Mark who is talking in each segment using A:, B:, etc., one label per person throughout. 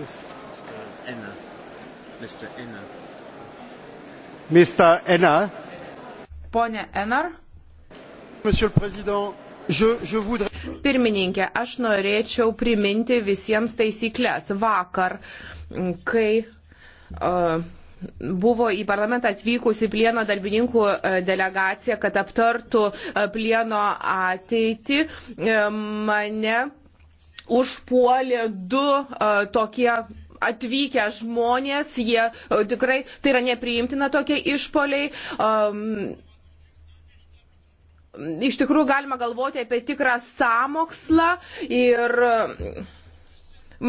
A: please? Uh, Enna. Mr. Enna. Mr. Enna. Pone Ennar. Monsieur le Président, je, je voudrais. Pirmininkė, aš norėčiau priminti visiems taisyklės. Vakar, kai uh, buvo į parlamentą atvykusi plieno darbininkų e, delegacija, kad aptartų e, plieno ateitį, mane užpuolė du uh, tokie atvykę žmonės, jie uh, tikrai, tai yra nepriimtina tokie išpoliai. Um, Iš tikrųjų galima galvoti apie tikrą samokslą ir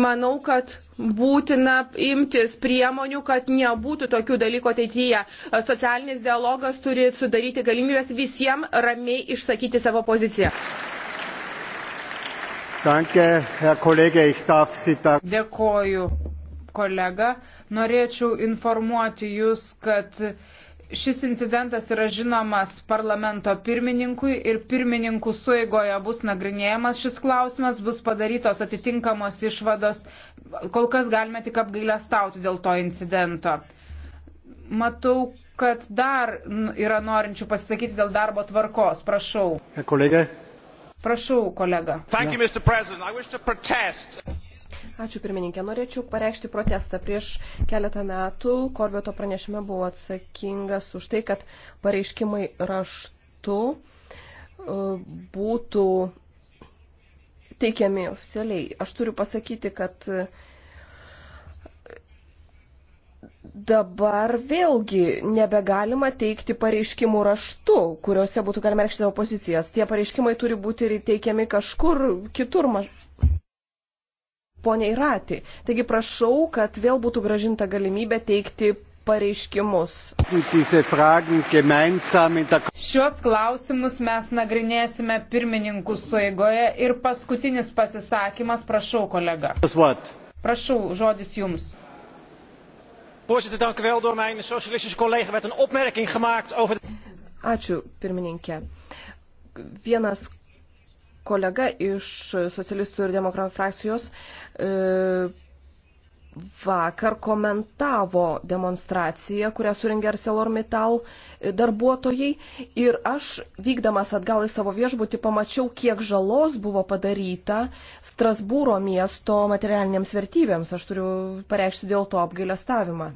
A: manau, kad būtina imtis priemonių, kad nebūtų tokių dalykų ateityje. Socialinis dialogas turi sudaryti galimybės visiems ramiai išsakyti savo poziciją. Dėkoju,
B: kolega. Norėčiau informuoti Jūs, kad šis incidentas yra žinomas parlamento pirmininkui ir pirmininkų sueigoje bus nagrinėjamas šis klausimas, bus padarytos atitinkamos išvados. Kol kas galime tik apgailę stauti dėl to incidento. Matau, kad dar yra norinčių pasisakyti dėl darbo tvarkos. Prašau. Kolegė. Prašau, kolega. Thank you, Mr. President. I wish to protest.
C: Ačiū pirmininkė. Norėčiau pareikšti protestą. Prieš keletą metų Korbeto pranešime buvo atsakingas už tai, kad pareiškimai raštu e, būtų teikiami oficialiai. Aš turiu pasakyti, kad Dabar vėlgi nebegalima teikti pareiškimų raštu, kuriuose būtų galima reikšti savo pozicijas. Tie pareiškimai turi būti ir teikiami kažkur kitur. Maž... Pone Irati, taigi prašau, kad vėl būtų gražinta galimybė teikti pareiškimus. Šios klausimus mes nagrinėsime
B: pirmininkų sueigoje ir paskutinis pasisakymas, prašau kolega.
C: Prašau, žodis jums. Voorzitter, dank u wel. Door mijn socialistische collega werd een opmerking gemaakt over... Ačiū, pirmininkė. Vienas kolega iš socialistų ir demokratų frakcijos e, vakar komentavo demonstraciją, kurią suringė ArcelorMittal e, darbuotojai. Ir aš, vykdamas atgal į savo viešbutį, pamačiau, kiek žalos buvo padaryta Strasbūro miesto materialiniams vertybėms. Aš turiu pareikšti dėl to apgailestavimą.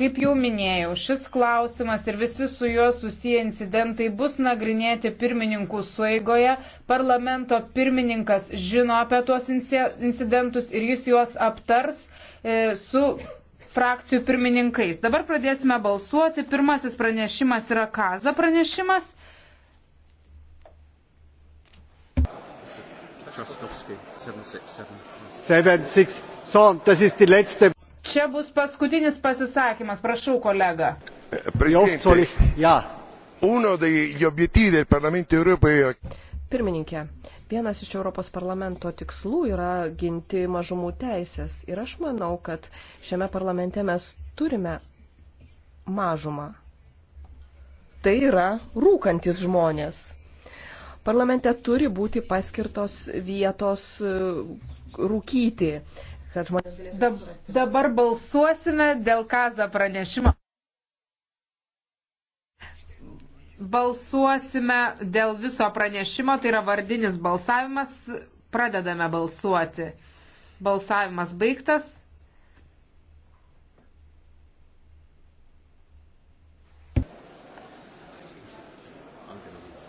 B: Kaip jau minėjau, šis klausimas ir visi su juo susiję incidentai bus nagrinėti pirmininkų sueigoje. Parlamento pirmininkas žino apie tuos incidentus ir jis juos aptars e, su frakcijų pirmininkais. Dabar pradėsime balsuoti. Pirmasis pranešimas yra Kaza pranešimas.
A: Traskowski, 767. 76. So, das ist die letzte.
B: Čia bus paskutinis pasisakymas. Prašau, kolega.
C: Pirmininkė, vienas iš Europos parlamento tikslų yra ginti mažumų teisės. Ir aš manau, kad šiame parlamente mes turime mažumą. Tai yra rūkantis žmonės. Parlamente turi būti paskirtos vietos e, rūkyti kad žmonės galėtų. Dabar balsuosime dėl Kaza pranešimo.
B: Balsuosime dėl viso pranešimo, tai yra vardinis balsavimas. Pradedame balsuoti. Balsavimas baigtas.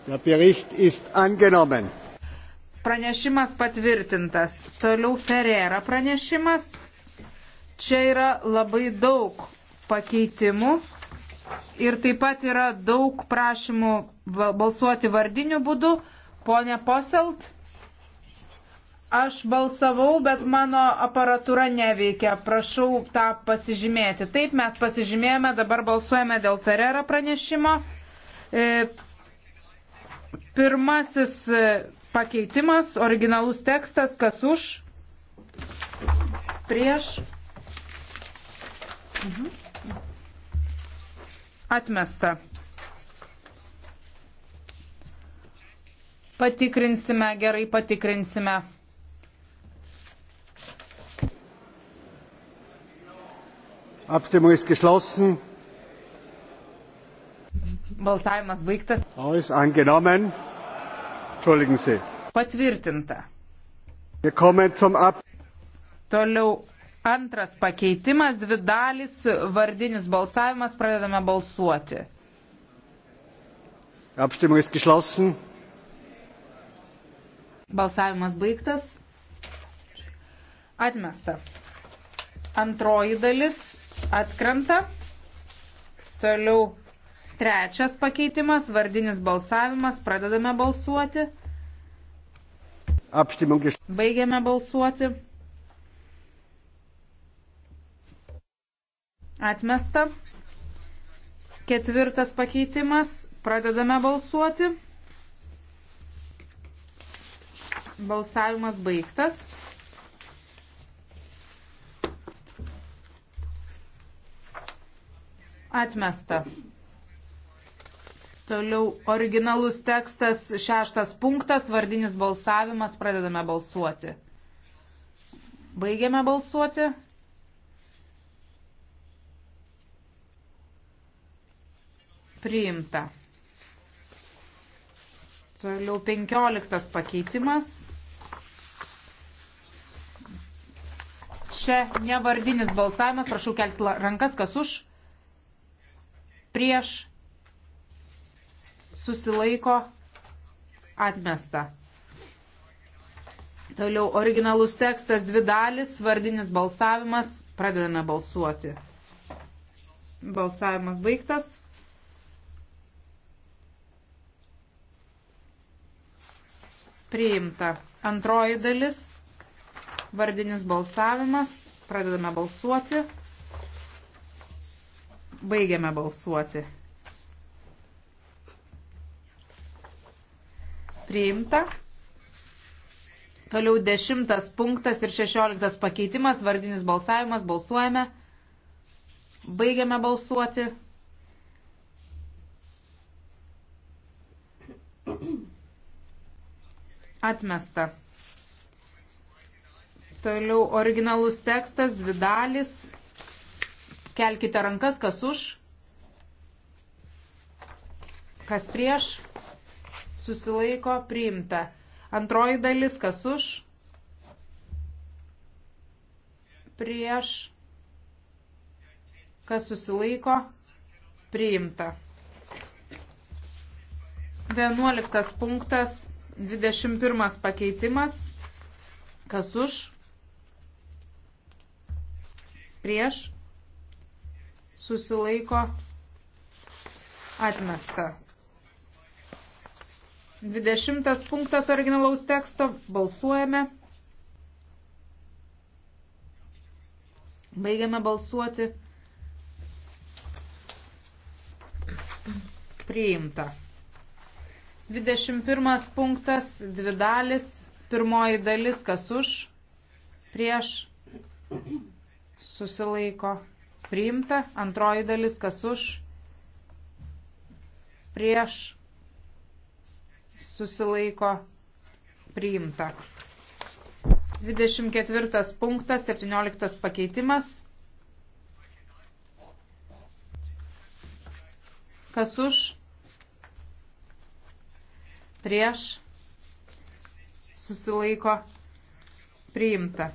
A: Der Bericht ist angenommen.
B: Pranešimas patvirtintas. Toliau Ferrera pranešimas. Čia yra labai daug pakeitimų ir taip pat yra daug prašymų balsuoti vardiniu būdu. Pone Poselt, aš balsavau, bet mano aparatūra neveikia. Prašau tą pasižymėti. Taip, mes pasižymėjome, dabar balsuojame dėl Ferrera pranešimo. E, pirmasis Pakeitimas, originalus tekstas, kas už, prieš, mhm. atmesta. Patikrinsime, gerai patikrinsime.
A: Abstimmung ist geschlossen.
B: Balsavimas baigtas.
A: Aus angenommen.
B: Patvirtinta. Toliau antras pakeitimas, dvi dalis, vardinis balsavimas, pradedame balsuoti. Balsavimas baigtas. Atmesta. Antroji dalis atkrenta. Toliau Trečias pakeitimas, vardinis balsavimas, pradedame balsuoti. Baigiame balsuoti. Atmesta. Ketvirtas pakeitimas, pradedame balsuoti. Balsavimas baigtas. Atmesta. Toliau originalus tekstas, šeštas punktas, vardinis balsavimas, pradedame balsuoti. Baigiame balsuoti. Priimta. Toliau penkioliktas pakeitimas. Čia nevardinis balsavimas, prašau kelti rankas, kas už, prieš, susilaiko atmesta. Toliau originalus tekstas dvi dalis, vardinis balsavimas, pradedame balsuoti. Balsavimas baigtas. Priimta. Antroji dalis, vardinis balsavimas, pradedame balsuoti. Baigiame balsuoti. priimta. Toliau dešimtas punktas ir šešioliktas pakeitimas, vardinis balsavimas, balsuojame. Baigiame balsuoti. Atmesta. Toliau originalus tekstas, dvi dalis. Kelkite rankas, kas už, kas prieš susilaiko priimta. Antroji dalis, kas už, prieš, kas susilaiko, priimta. Vienuoliktas punktas, 21 pakeitimas, kas už, prieš, susilaiko, atmesta. 20 punktas originalaus teksto. Balsuojame. Baigiame balsuoti. Priimta. 21 punktas, dvi dalis, pirmoji dalis, kas už, prieš, susilaiko, priimta, antroji dalis, kas už, prieš, susilaiko priimta. 24 punktas, 17 pakeitimas. Kas už? Prieš susilaiko priimta.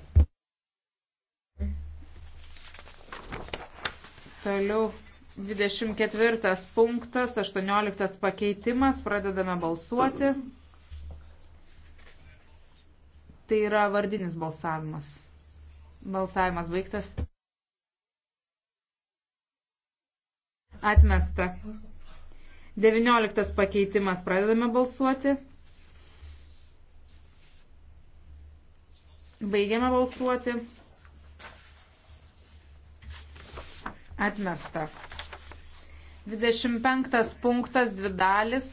B: Toliau 24 punktas, 18 pakeitimas, pradedame balsuoti. Tai yra vardinis balsavimas. Balsavimas baigtas. Atmesta. 19 pakeitimas, pradedame balsuoti. Baigiame balsuoti. Atmesta. 25 punktas dvi dalis.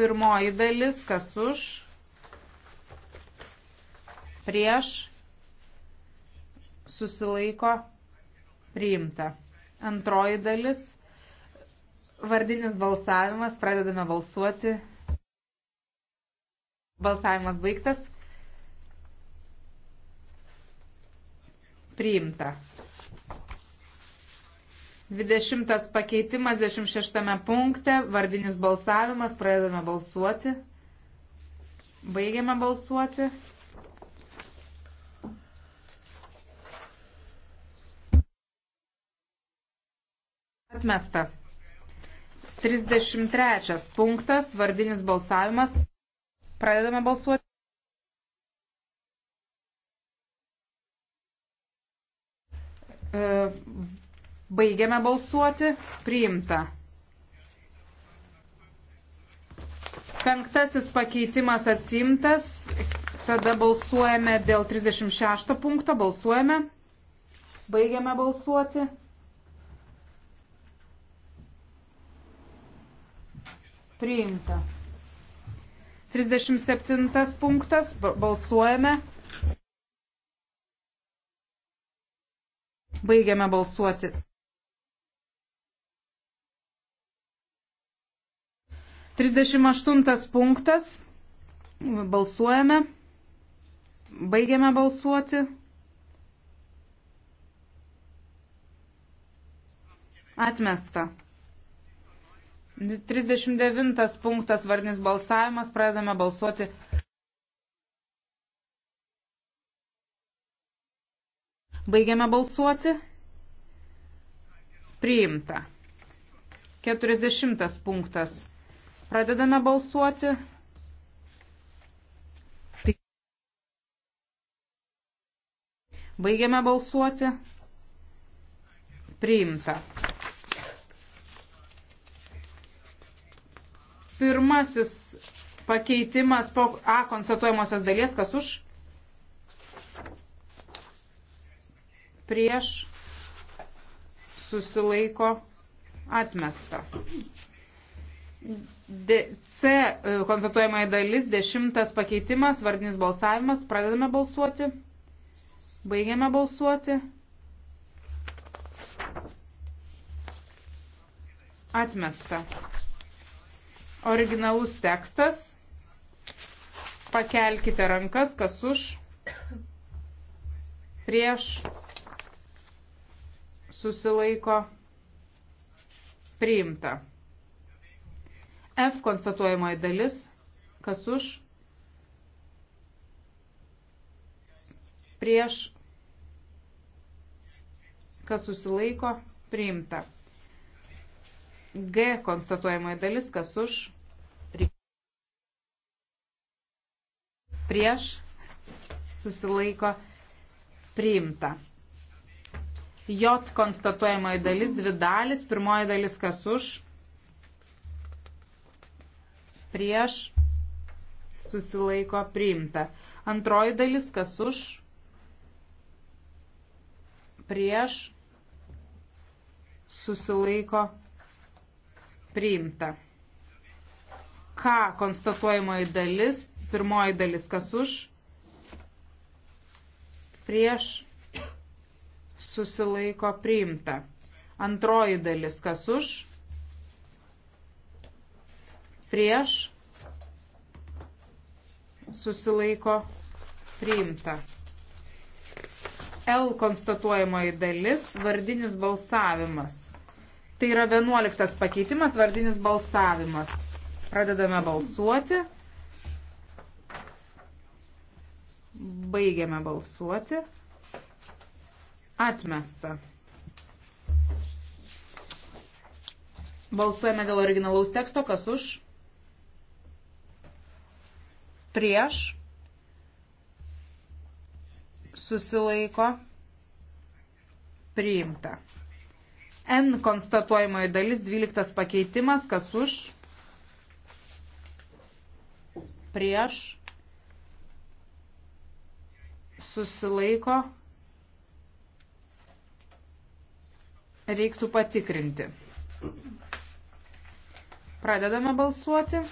B: Pirmoji dalis, kas už, prieš, susilaiko, priimta. Antroji dalis, vardinis balsavimas, pradedame balsuoti. Balsavimas baigtas. Priimta. 20 pakeitimas 26 punkte, vardinis balsavimas, pradedame balsuoti. Baigiame balsuoti. Atmesta. 33 punktas, vardinis balsavimas. Pradedame balsuoti. E, Baigiame balsuoti. Priimta. Penktasis pakeitimas atsimtas. Tada balsuojame dėl 36 punkto. Balsuojame. Baigiame balsuoti. Priimta. 37 punktas. Balsuojame. Baigiame balsuoti. 38 punktas. Balsuojame. Baigiame balsuoti. Atmesta. 39 punktas vardinis balsavimas. Pradedame balsuoti. Baigiame balsuoti. Priimta. 40 punktas. Pradedame balsuoti. Baigiame balsuoti. Priimta. Pirmasis pakeitimas po A konstatuojamosios dalies, kas už? Prieš susilaiko atmesta. C e, konstatuojamai dalis, dešimtas pakeitimas, vardinis balsavimas. Pradedame balsuoti. Baigiame balsuoti. Atmesta. Originalus tekstas. Pakelkite rankas, kas už, prieš, susilaiko, priimta. F konstatuojamoji dalis, kas už, prieš, kas susilaiko, priimta. G konstatuojamoji dalis, kas už, prieš, susilaiko, priimta. J konstatuojamoji dalis, dvi dalis, pirmoji dalis, kas už, prieš prieš, susilaiko priimta. Antroji dalis, kas už, prieš, susilaiko priimta. Ką konstatuojamoji dalis, pirmoji dalis, kas už, prieš, susilaiko priimta. Antroji dalis, kas už, prieš, susilaiko priimta. L konstatuojamoji dalis - vardinis balsavimas. Tai yra 11 pakeitimas - vardinis balsavimas. Pradedame balsuoti. Baigiame balsuoti. Atmesta. Balsuojame dėl originalaus teksto, kas už prieš, susilaiko, priimta. N konstatuojamoji dalis, 12 pakeitimas, kas už, prieš, susilaiko, reiktų patikrinti. Pradedame balsuoti.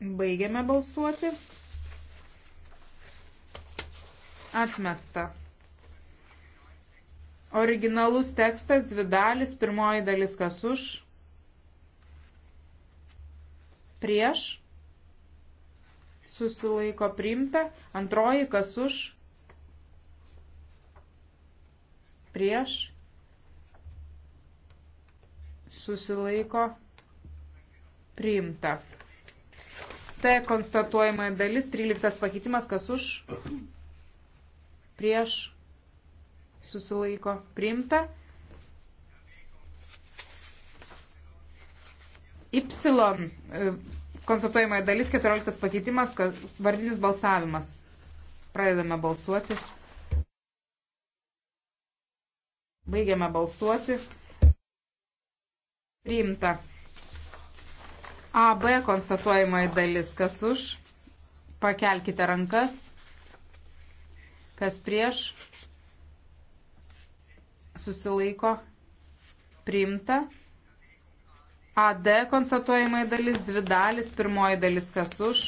B: Baigiame balsuoti. Atmesta. Originalus tekstas, dvi dalis, pirmoji dalis kas už, prieš, susilaiko priimta, antroji kas už, prieš, susilaiko priimta. T konstatuojama dalis, 13 pakeitimas, kas už, prieš, susilaiko, priimta. Y e, konstatuojama dalis, 14 pakeitimas, kas, vardinis balsavimas. Pradedame balsuoti. Baigiame balsuoti. Priimta. AB konstatuojamoji dalis, kas už, pakelkite rankas, kas prieš, susilaiko, priimta. AD konstatuojamai dalis, dvi dalis, pirmoji dalis kas už,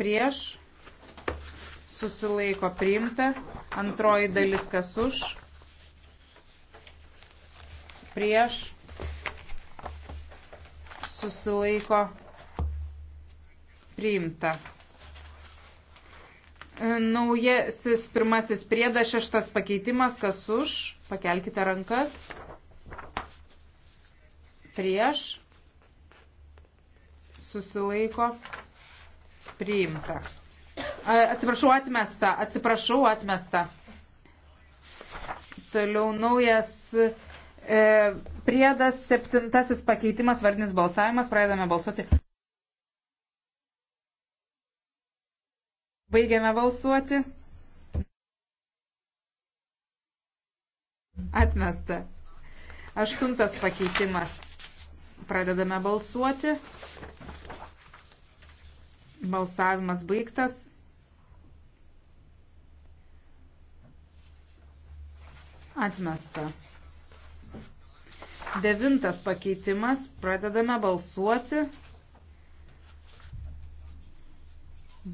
B: prieš, susilaiko priimta, antroji dalis kas už, prieš, susilaiko priimta. E, naujasis pirmasis priedas, šeštas pakeitimas, kas už, pakelkite rankas, prieš, susilaiko, priimta. E, atsiprašau, atmesta, atsiprašau, atmesta. Toliau naujas E, priedas septintasis pakeitimas, vardinis balsavimas, pradedame balsuoti. Baigiame balsuoti. Atmesta. Aštuntas pakeitimas. Pradedame balsuoti. Balsavimas baigtas. Atmesta. Devintas pakeitimas. Pradedame balsuoti.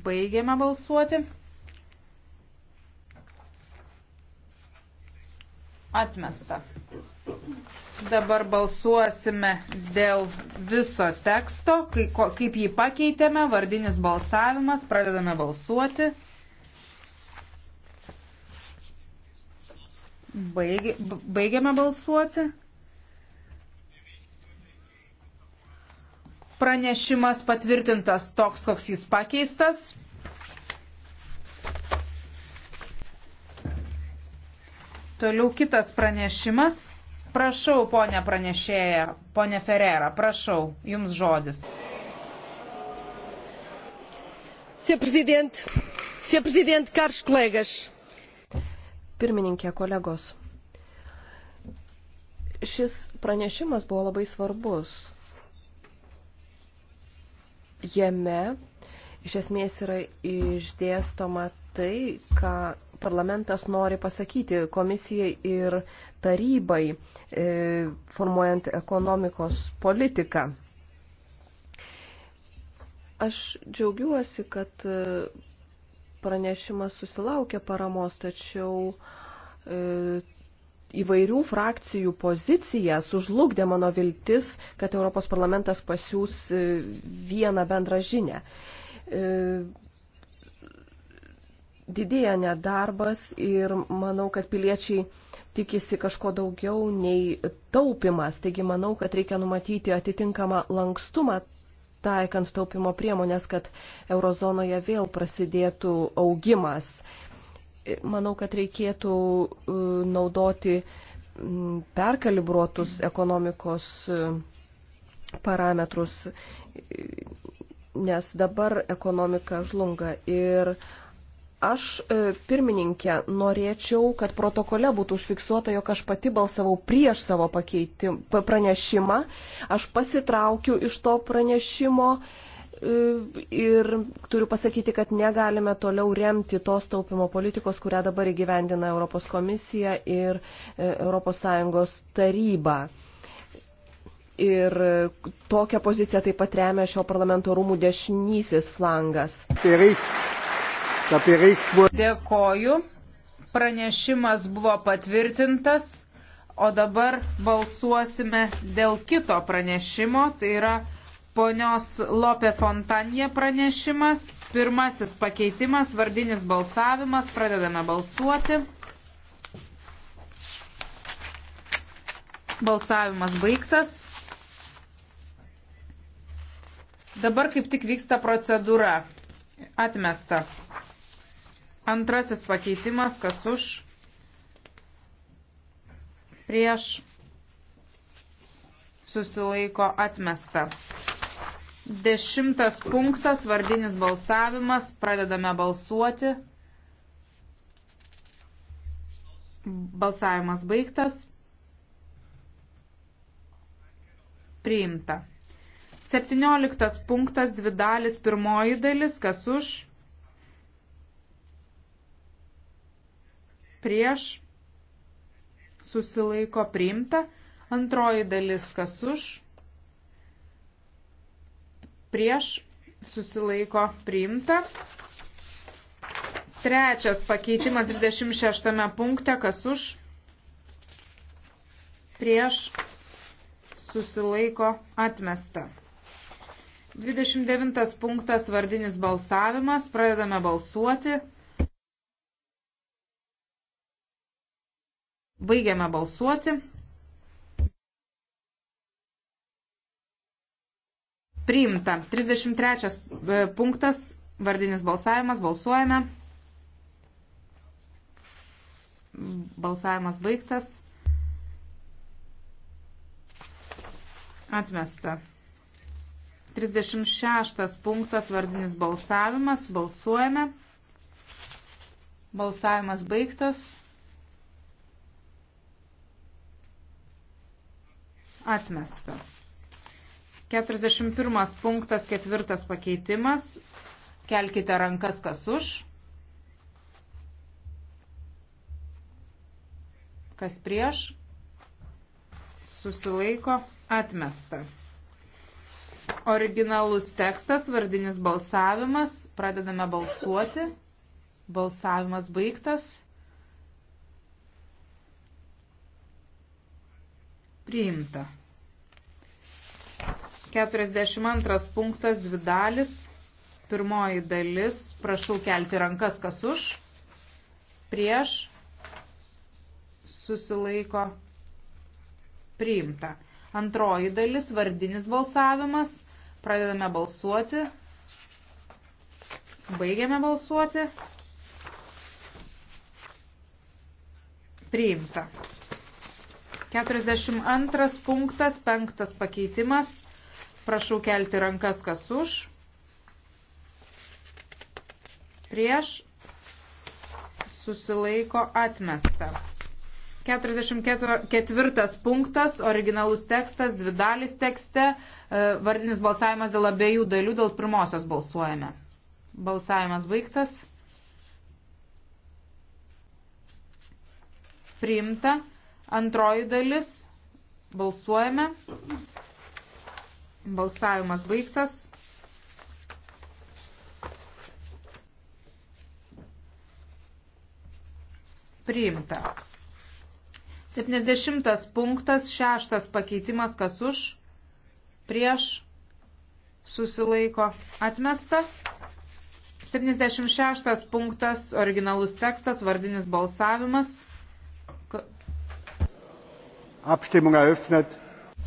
B: Baigiame balsuoti. Atmesta. Dabar balsuosime dėl viso teksto, kaip jį pakeitėme, vardinis balsavimas, pradedame balsuoti. Baigi, baigiame balsuoti. pranešimas patvirtintas toks, koks jis pakeistas. Toliau kitas pranešimas. Prašau, ponė pranešėja, ponė Ferrera, prašau, jums žodis.
C: Sr. Presidente, Sr. Presidente, caros colegas. Pirmininkė, kolegos. Šis pranešimas buvo labai svarbus Jame iš esmės yra išdėstoma tai, ką parlamentas nori pasakyti komisijai ir tarybai, e, formuojant ekonomikos politiką. Aš džiaugiuosi, kad e, pranešimas susilaukė paramos, tačiau e, įvairių frakcijų pozicija sužlugdė mano viltis, kad Europos parlamentas pasiūs e, vieną bendrą žinę. E, didėja nedarbas ir manau, kad piliečiai tikisi kažko daugiau nei taupimas. Taigi manau, kad reikia numatyti atitinkamą lankstumą taikant taupimo priemonės, kad eurozonoje vėl prasidėtų augimas manau, kad reikėtų e, naudoti perkalibruotus ekonomikos e, parametrus, nes dabar ekonomika žlunga. Ir aš e, pirmininkė norėčiau, kad protokole būtų užfiksuota, jog aš pati balsavau prieš savo pakeitim, pranešimą. Aš pasitraukiu iš to pranešimo. Uh, ir turiu pasakyti, kad negalime toliau remti tos taupimo politikos, kurią dabar įgyvendina Europos komisija ir ES taryba. Ir tokią poziciją taip pat remia šio parlamento rūmų dešinysis flangas. Dėkoju.
B: Pranešimas buvo patvirtintas, o dabar balsuosime dėl kito pranešimo. Tai yra ponios Lope Fontanje pranešimas. Pirmasis pakeitimas, vardinis balsavimas. Pradedame balsuoti. Balsavimas baigtas. Dabar kaip tik vyksta procedūra. Atmesta. Antrasis pakeitimas, kas už. Prieš. Susilaiko atmesta. Dešimtas punktas, vardinis balsavimas, pradedame balsuoti. Balsavimas baigtas. Priimta. Septynioliktas punktas, dvi dalis, pirmoji dalis, kas už, prieš, susilaiko priimta, antroji dalis, kas už, prieš susilaiko priimta. Trečias pakeitimas 26 punkte, kas už prieš susilaiko atmesta. 29 punktas vardinis balsavimas, pradedame balsuoti. Baigiame balsuoti. Priimta. 33 e, punktas, vardinis balsavimas, balsuojame. Balsavimas baigtas. Atmesta. 36 punktas, vardinis balsavimas, balsuojame. Balsavimas baigtas. Atmesta. 41 punktas, ketvirtas pakeitimas. Kelkite rankas, kas už. Kas prieš. Susilaiko. Atmesta. Originalus tekstas, vardinis balsavimas. Pradedame balsuoti. Balsavimas baigtas. Priimta. 42 punktas dvi dalis. Pirmoji dalis. Prašau kelti rankas, kas už. Prieš. Susilaiko. Priimta. Antroji dalis. Vardinis balsavimas. Pradedame balsuoti. Baigiame balsuoti. Priimta. 42 punktas, penktas pakeitimas Prašau kelti rankas, kas už. Prieš susilaiko atmesta. 44 punktas, originalus tekstas, dvi dalis tekste, e, vardinis balsavimas dėl abiejų dalių, dėl pirmosios balsuojame. Balsavimas baigtas. Priimta. Antroji dalis. Balsuojame. Balsavimas baigtas. Priimta. 70 punktas, šeštas pakeitimas, kas už, prieš, susilaiko, atmesta. 76 punktas, originalus tekstas, vardinis balsavimas.
A: Abstimmung eröffnet.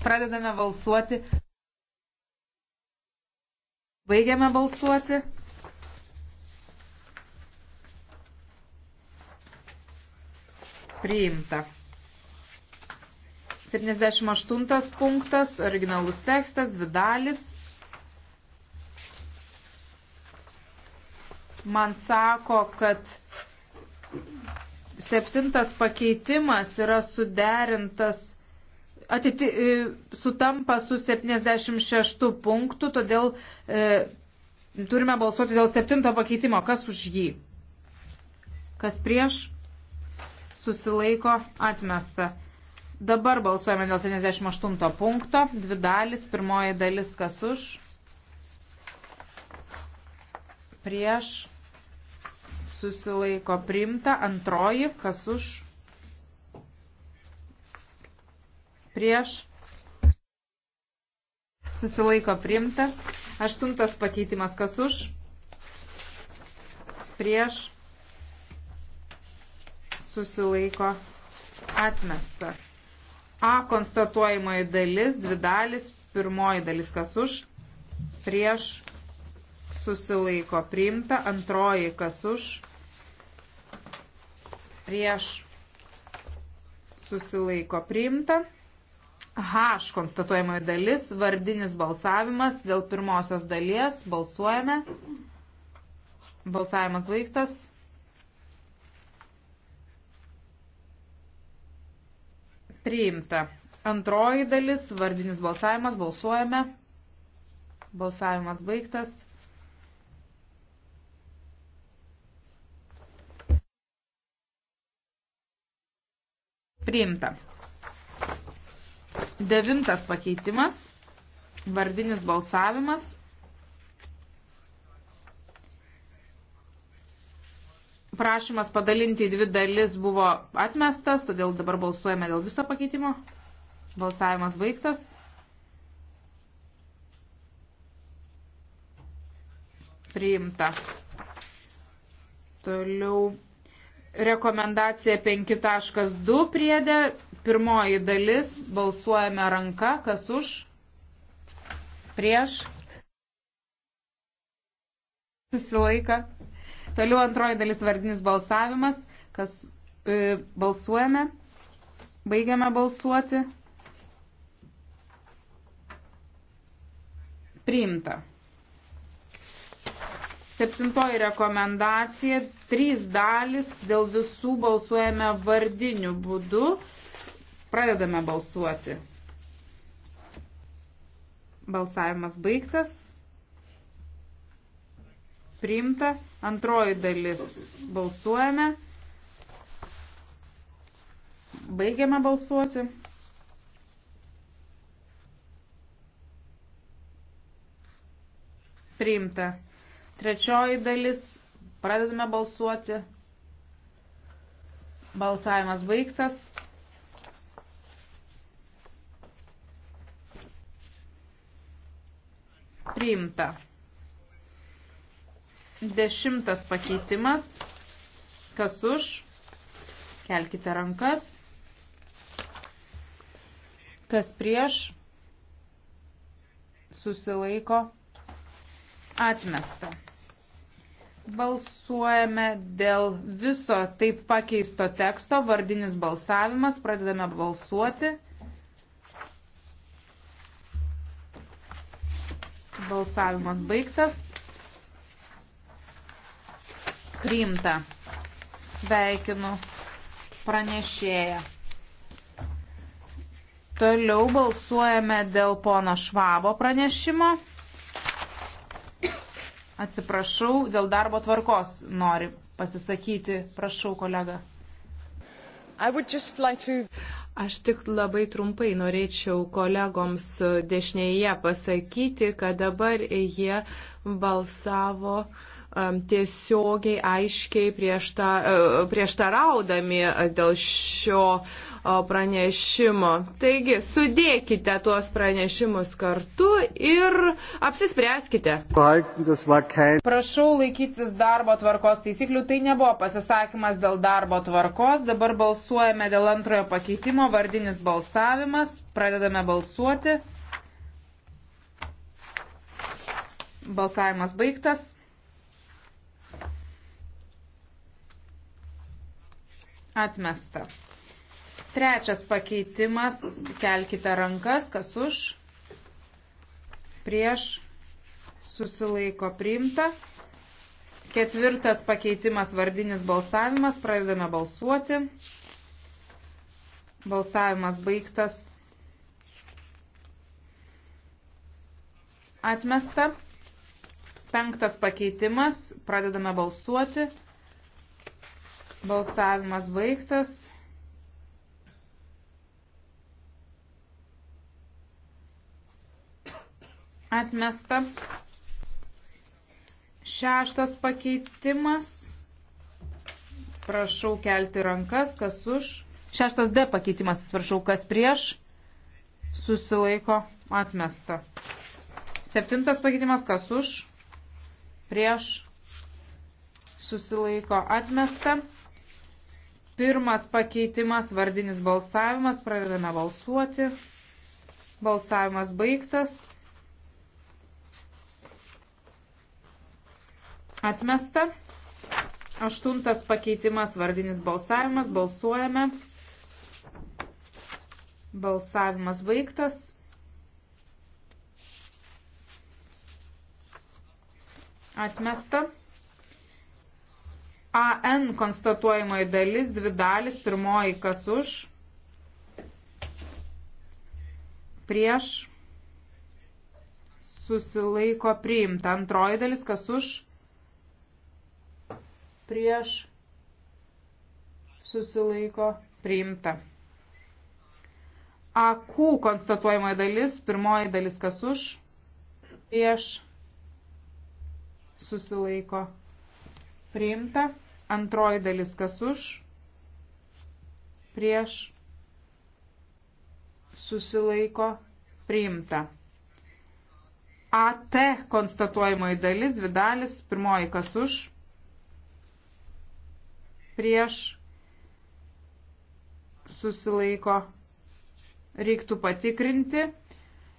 B: Pradedame balsuoti. Baigiame balsuoti. Priimta. 78 punktas, originalus tekstas, dvi dalis. Man sako, kad septintas pakeitimas yra suderintas atiti, e, sutampa su 76 punktu, todėl e, turime balsuoti dėl 7 pakeitimo. Kas už jį? Kas prieš? Susilaiko atmesta. Dabar balsuojame dėl 78 punkto. Dvi dalis. Pirmoji dalis kas už? Prieš. Susilaiko primta. Antroji kas už? prieš susilaiko priimta. Aštuntas pakeitimas kas už, prieš susilaiko atmesta. A konstatuojamoji dalis, dvi dalis, pirmoji dalis kas už, prieš susilaiko priimta, antroji kas už, prieš susilaiko priimta. H konstatuojamoji dalis, vardinis balsavimas dėl pirmosios dalies. Balsuojame. Balsavimas baigtas. Priimta. Antroji dalis, vardinis balsavimas, balsuojame. Balsavimas baigtas. Priimta. Devintas pakeitimas. Vardinis balsavimas. Prašymas padalinti į dvi dalis buvo atmestas, todėl dabar balsuojame dėl viso pakeitimo. Balsavimas baigtas. Priimta. Toliau rekomendacija 5.2 priedė Pirmoji dalis, balsuojame ranka, kas už, prieš, susilaika. Toliau antroji dalis vardinis balsavimas, kas e, balsuojame, baigiame balsuoti. Priimta. Septintoji rekomendacija, trys dalis dėl visų balsuojame vardiniu būdu. Pradedame balsuoti. Balsavimas baigtas. Priimta. Antroji dalis. Balsuojame. Baigiame balsuoti. Priimta. Trečioji dalis. Pradedame balsuoti. Balsavimas baigtas. priimta. Dešimtas pakeitimas. Kas už? Kelkite rankas. Kas prieš? Susilaiko. Atmesta. Balsuojame dėl viso taip pakeisto teksto. Vardinis balsavimas. Pradedame balsuoti. Balsavimas baigtas. Priimta. Sveikinu pranešėją. Toliau balsuojame dėl pono Švabo pranešimo. Atsiprašau, dėl darbo tvarkos nori pasisakyti. Prašau, kolega.
A: Like to... Aš tik labai trumpai norėčiau kolegoms dešinėje pasakyti, kad dabar jie balsavo uh, Um, tiesiogiai aiškiai priešta, uh, prieštaraudami dėl šio uh, pranešimo. Taigi, sudėkite tuos pranešimus kartu ir apsispręskite. Prašau
B: laikytis darbo tvarkos taisyklių. Tai nebuvo pasisakymas dėl darbo tvarkos. Dabar balsuojame dėl antrojo pakeitimo. Vardinis balsavimas. Pradedame balsuoti. Balsavimas baigtas. Atmesta. Trečias pakeitimas. Kelkite rankas, kas už. Prieš. Susilaiko priimta. Ketvirtas pakeitimas vardinis balsavimas. Pradedame balsuoti. Balsavimas baigtas. Atmesta. Penktas pakeitimas. Pradedame balsuoti. Balsavimas baigtas. Atmesta. Šeštas pakeitimas. Prašau kelti rankas, kas už. Šeštas D pakeitimas, atsiprašau, kas prieš. Susilaiko atmesta. Septintas pakeitimas, kas už. Prieš. Susilaiko atmesta. Pirmas pakeitimas, vardinis balsavimas, pradedame balsuoti. Balsavimas baigtas. Atmesta. Aštuntas pakeitimas, vardinis balsavimas, balsuojame. Balsavimas baigtas. Atmesta. AN konstatuojamoji dalis, dvi dalis, pirmoji kas už, prieš, susilaiko priimta, antroji dalis kas už, prieš, susilaiko priimta. AQ konstatuojamoji dalis, pirmoji dalis kas už, prieš, susilaiko priimta. Antroji dalis kas už, prieš, susilaiko, priimta. AT konstatuojamoji dalis, dvi dalis, pirmoji kas už, prieš, susilaiko, reiktų patikrinti,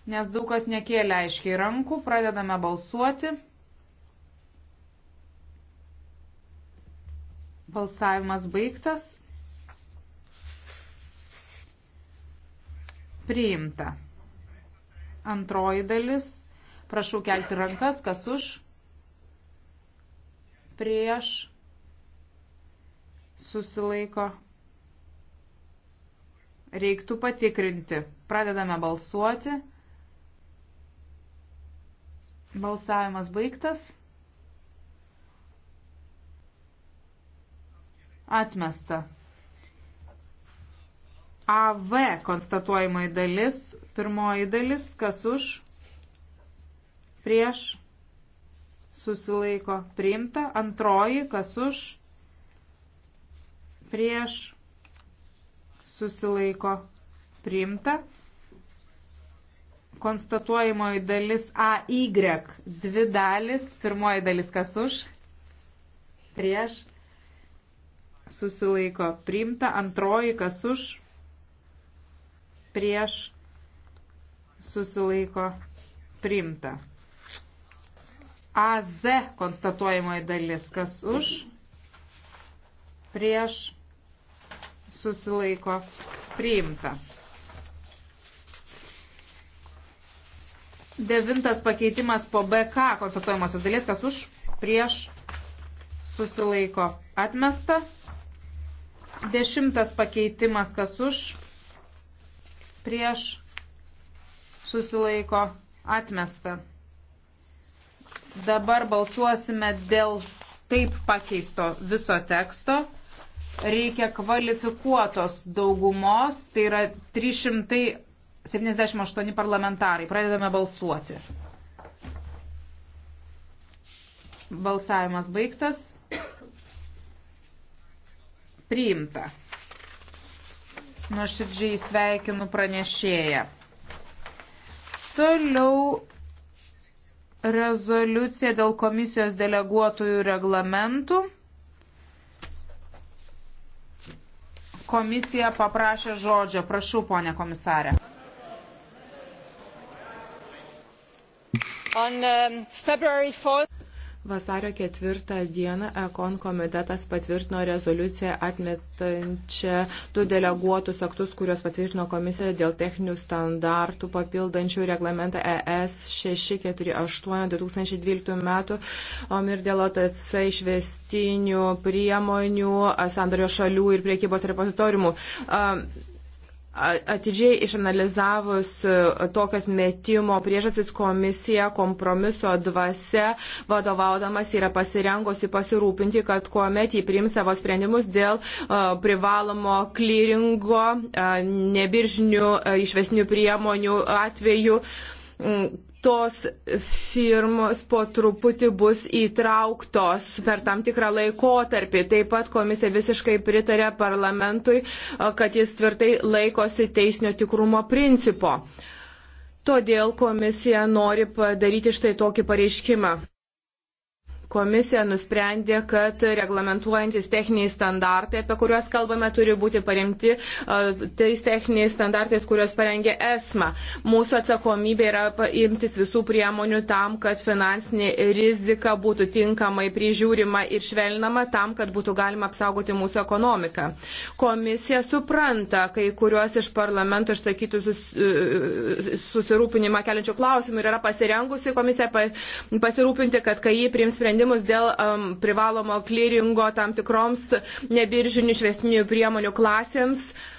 B: nes daug kas nekėlė aiškiai rankų, pradedame balsuoti. Balsavimas baigtas. Priimta. Antroji dalis. Prašau kelti rankas, kas už. Prieš. Susilaiko. Reiktų patikrinti. Pradedame balsuoti. Balsavimas baigtas. Atmesta. AV konstatuojamoji dalis, pirmoji dalis, kas už, prieš, susilaiko, priimta, antroji, kas už, prieš, susilaiko, priimta, konstatuojamoji dalis AY, dvi dalis, pirmoji dalis, kas už, prieš, susilaiko, priimta susilaiko priimta, antroji kas už, prieš susilaiko priimta. AZ konstatuojamoji dalis, kas už, prieš susilaiko priimta. Devintas pakeitimas po BK konstatuojamosios dalies, kas už, prieš susilaiko atmesta. Dešimtas pakeitimas, kas už, prieš, susilaiko, atmesta. Dabar balsuosime dėl taip pakeisto viso teksto. Reikia kvalifikuotos daugumos, tai yra 378 parlamentarai. Pradedame balsuoti. Balsavimas baigtas priimta. Nuoširdžiai sveikinu pranešėją. Toliau rezoliucija dėl komisijos deleguotojų reglamentų. Komisija paprašė žodžio. Prašau, ponė komisarė.
A: On, um, Vasario ketvirtą dieną Ekon komitetas patvirtino rezoliuciją atmetančią du deleguotus aktus, kuriuos patvirtino komisija dėl techninių standartų papildančių reglamentą ES 648-2012 metų ir dėl OTC išvestinių priemonių, sandario šalių ir priekybos repozitoriumų. Um, Atidžiai išanalizavus e, tokios metimo priežastis komisija kompromiso dvasia vadovaudamas yra pasirengusi pasirūpinti, kad kuomet jį priims savo sprendimus dėl e, privalomo klyringo e, nebiržinių išvesnių priemonių atveju tos firmos po truputį bus įtrauktos per tam tikrą laikotarpį. Taip pat komisija visiškai pritarė parlamentui, kad jis tvirtai laikosi teisinio tikrumo principo. Todėl komisija nori padaryti štai tokį pareiškimą. Komisija nusprendė, kad reglamentuojantis techniniai standartai, apie kuriuos kalbame, turi būti paremti tais techniniais standartais, kuriuos parengė ESMA. Mūsų atsakomybė yra imtis visų priemonių tam, kad finansinė rizika būtų tinkamai prižiūrima ir švelnama tam, kad būtų galima apsaugoti mūsų ekonomiką. Komisija supranta kai kuriuos iš parlamento išsakytų sus, susirūpinimą keliančių klausimų ir yra pasirengusi komisija pasirūpinti, kad kai jį priims sprendimą, sprendimus dėl um, privalomo klyringo tam tikroms nebiržinių švesnių priemonių klasėms. Uh,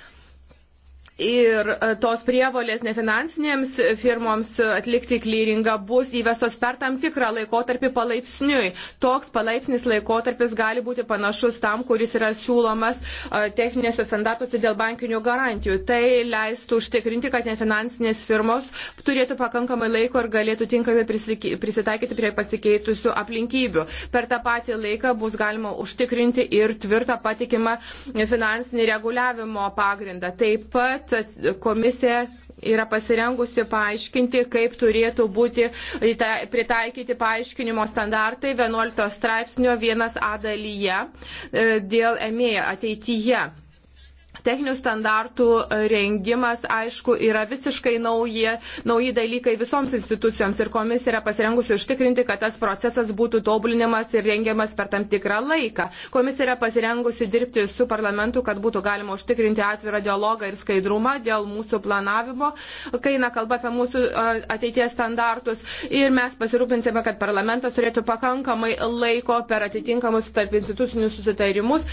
A: ir e, tos prievolės nefinansinėms firmoms atlikti klyringą bus įvestos per tam tikrą laikotarpį palaipsniui. Toks palaipsnis laikotarpis gali būti panašus tam, kuris yra siūlomas e, techninėse standartuose dėl bankinių garantijų. Tai leistų užtikrinti, kad nefinansinės firmos turėtų pakankamai laiko ir galėtų tinkamai prisitaikyti prie pasikeitusių aplinkybių. Per tą patį laiką bus galima užtikrinti ir tvirtą patikimą finansinį reguliavimo pagrindą. Taip pat pat komisija yra pasirengusi paaiškinti, kaip turėtų būti pritaikyti paaiškinimo standartai 11 straipsnio 1a dalyje e, dėl emėja e ateityje. Techninių standartų e, rengimas, aišku, yra visiškai nauji, nauji dalykai visoms institucijoms ir komisija yra pasirengusi užtikrinti, kad tas procesas būtų tobulinimas ir rengiamas per tam tikrą laiką. Komisija yra pasirengusi dirbti su parlamentu, kad būtų galima užtikrinti atvirą dialogą ir skaidrumą dėl mūsų planavimo, kai eina kalba apie mūsų ateities standartus. Ir mes pasirūpinsime, kad parlamentas turėtų pakankamai laiko per atitinkamus tarp institucinius susitarimus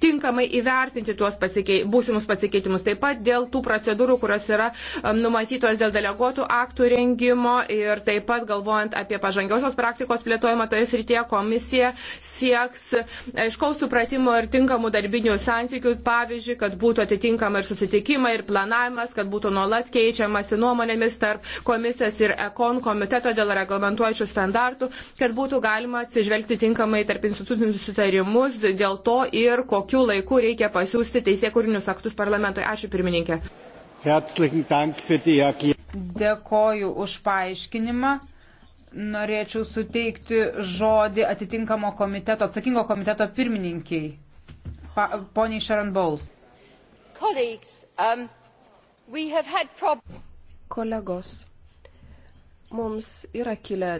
A: tinkamai įvertinti tuos pasikei, būsimus pasikeitimus. Taip pat dėl tų procedūrų, kurios yra um, numatytos dėl deleguotų aktų rengimo ir taip pat galvojant apie pažangiosios praktikos plėtojimą toje srityje, komisija sieks e, aiškaus supratimo ir tinkamų darbinių santykių, pavyzdžiui, kad būtų atitinkama ir susitikimai, ir planavimas, kad būtų nuolat keičiamasi nuomonėmis tarp komisijos ir ekon komiteto dėl reglamentuojančių standartų, kad būtų galima atsižvelgti tinkamai tarp institucinių susitarimus dėl to ir kokių kokiu laiku reikia pasiūsti teisėkūrinius aktus parlamentui. Ačiū pirmininkė. Dėkoju
B: už paaiškinimą. Norėčiau suteikti žodį atitinkamo komiteto, atsakingo komiteto pirmininkiai, pa, poniai Sharon Bowles.
C: Um, Kolegos, mums yra kilę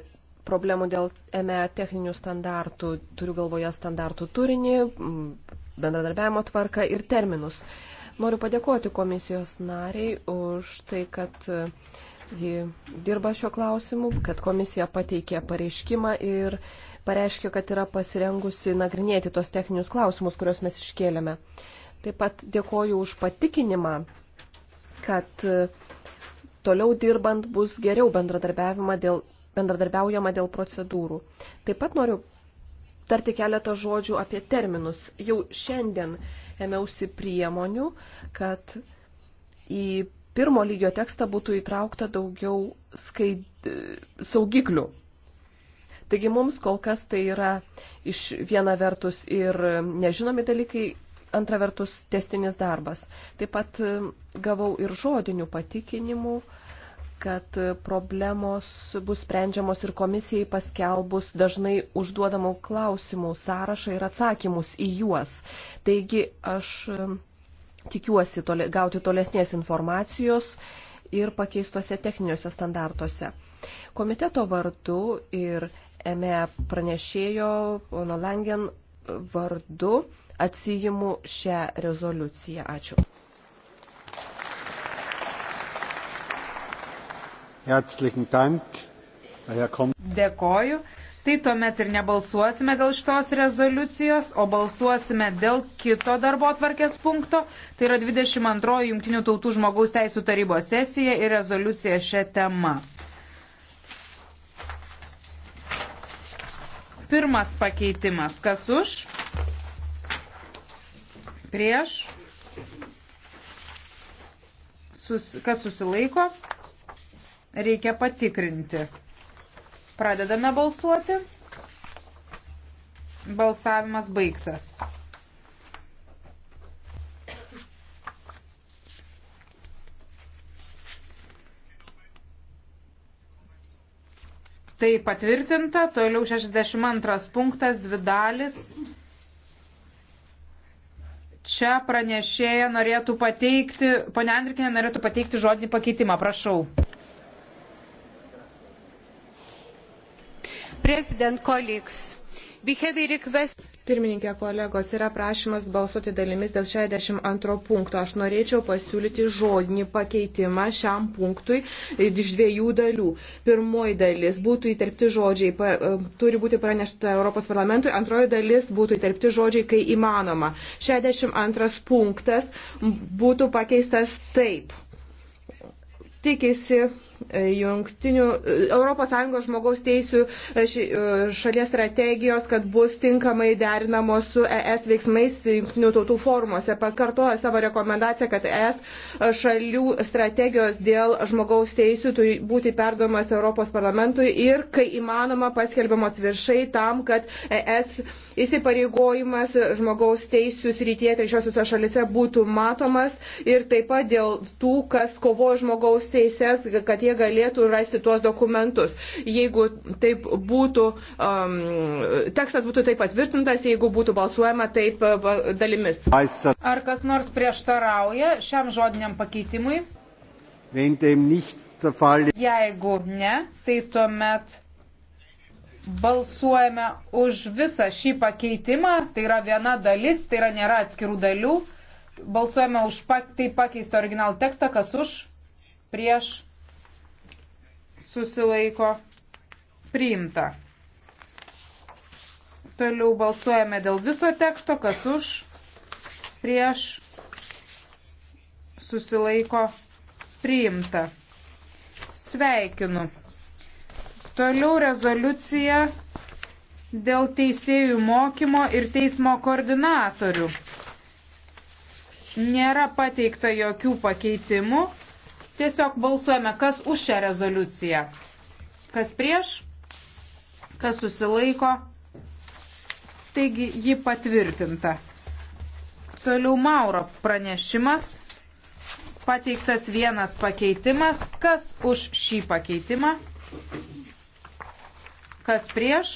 C: problemų dėl ME techninių standartų, turiu galvoje standartų turinį, bendradarbiavimo tvarką ir terminus. Noriu padėkoti komisijos nariai už tai, kad e, ji dirba šiuo klausimu, kad komisija pateikė pareiškimą ir pareiškė, kad yra pasirengusi nagrinėti tos techninius klausimus, kuriuos mes iškėlėme. Taip pat dėkoju už patikinimą, kad e, toliau dirbant bus geriau bendradarbiavimą dėl bendradarbiaujama dėl procedūrų. Taip pat noriu tarti keletą žodžių apie terminus. Jau šiandien ėmiausi priemonių, kad į pirmo lygio tekstą būtų įtraukta daugiau skaid... saugiklių. Taigi mums kol kas tai yra iš viena vertus ir nežinomi dalykai, antra vertus testinis darbas. Taip pat gavau ir žodinių patikinimų kad problemos bus sprendžiamos ir komisijai paskelbus dažnai užduodamų klausimų sąrašą ir atsakymus į juos. Taigi aš tikiuosi toli, gauti tolesnės informacijos ir pakeistuose techniniuose standartuose. Komiteto vardu ir ME pranešėjo Ono Langen vardu atsijimu šią rezoliuciją. Ačiū. Dėkoju.
B: Tai tuomet ir nebalsuosime dėl šitos rezoliucijos, o balsuosime dėl kito darbo atvarkės punkto. Tai yra 22 Junktinių tautų žmogaus teisų tarybos sesija ir rezoliucija šią temą. Pirmas pakeitimas. Kas už? Prieš? Sus, kas susilaiko? reikia patikrinti. Pradedame balsuoti. Balsavimas baigtas. Tai patvirtinta, toliau 62 punktas, dvi dalis. Čia pranešėja norėtų pateikti, ponia Andrikinė norėtų pateikti žodinį pakeitimą, prašau.
A: President, colleagues. Request... Pirmininkė kolegos, yra prašymas balsuoti dalimis dėl 62 punkto. Aš norėčiau pasiūlyti žodinį pakeitimą šiam punktui iš dviejų dalių. Pirmoji dalis būtų įterpti žodžiai, pa, e, turi būti pranešta Europos parlamentui, antroji dalis būtų įterpti žodžiai, kai įmanoma. 62 punktas būtų pakeistas taip. Tikisi jungtinių ES žmogaus teisų e, e, šalies strategijos, kad bus tinkamai derinamos su ES veiksmais jungtinių tautų formuose. Pakartoja savo rekomendaciją, kad ES šalių strategijos dėl žmogaus teisų turi būti perdomas Europos parlamentui ir, kai įmanoma, paskelbiamos viršai tam, kad ES įsipareigojimas žmogaus teisų srityje trečiosiuose šalise būtų matomas ir taip pat dėl tų, kas kovoja žmogaus teises, kad jie galėtų rasti tuos dokumentus. Jeigu taip būtų, um, tekstas būtų taip patvirtintas, jeigu būtų balsuojama taip uh, dalimis. Ar kas nors
B: prieštarauja šiam žodiniam pakeitimui? Jeigu ne, tai tuomet balsuojame už visą šį pakeitimą, tai yra viena dalis, tai yra nėra atskirų dalių. Balsuojame už pak, tai pakeistą originalų tekstą, kas už, prieš, susilaiko, priimta. Toliau balsuojame dėl viso teksto, kas už, prieš, susilaiko, priimta. Sveikinu. Toliau rezoliucija dėl teisėjų mokymo ir teismo koordinatorių. Nėra pateikta jokių pakeitimų. Tiesiog balsuojame, kas už šią rezoliuciją. Kas prieš, kas susilaiko. Taigi ji patvirtinta. Toliau Mauro pranešimas. Pateiktas vienas pakeitimas. Kas už šį pakeitimą? Kas prieš?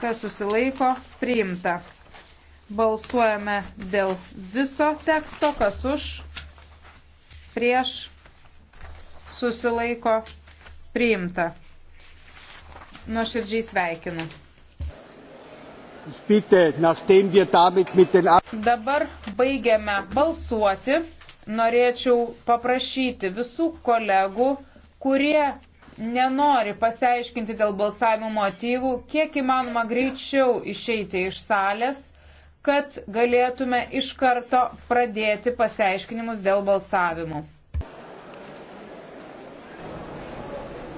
B: Kas susilaiko? Priimta. Balsuojame dėl viso teksto, kas už, prieš, susilaiko, priimta. Nuoširdžiai sveikinu. Dabar baigiame balsuoti. Norėčiau paprašyti visų kolegų, kurie nenori pasiaiškinti dėl balsavimo motyvų, kiek įmanoma greičiau išeiti iš salės, kad galėtume iš karto pradėti pasiaiškinimus dėl balsavimo.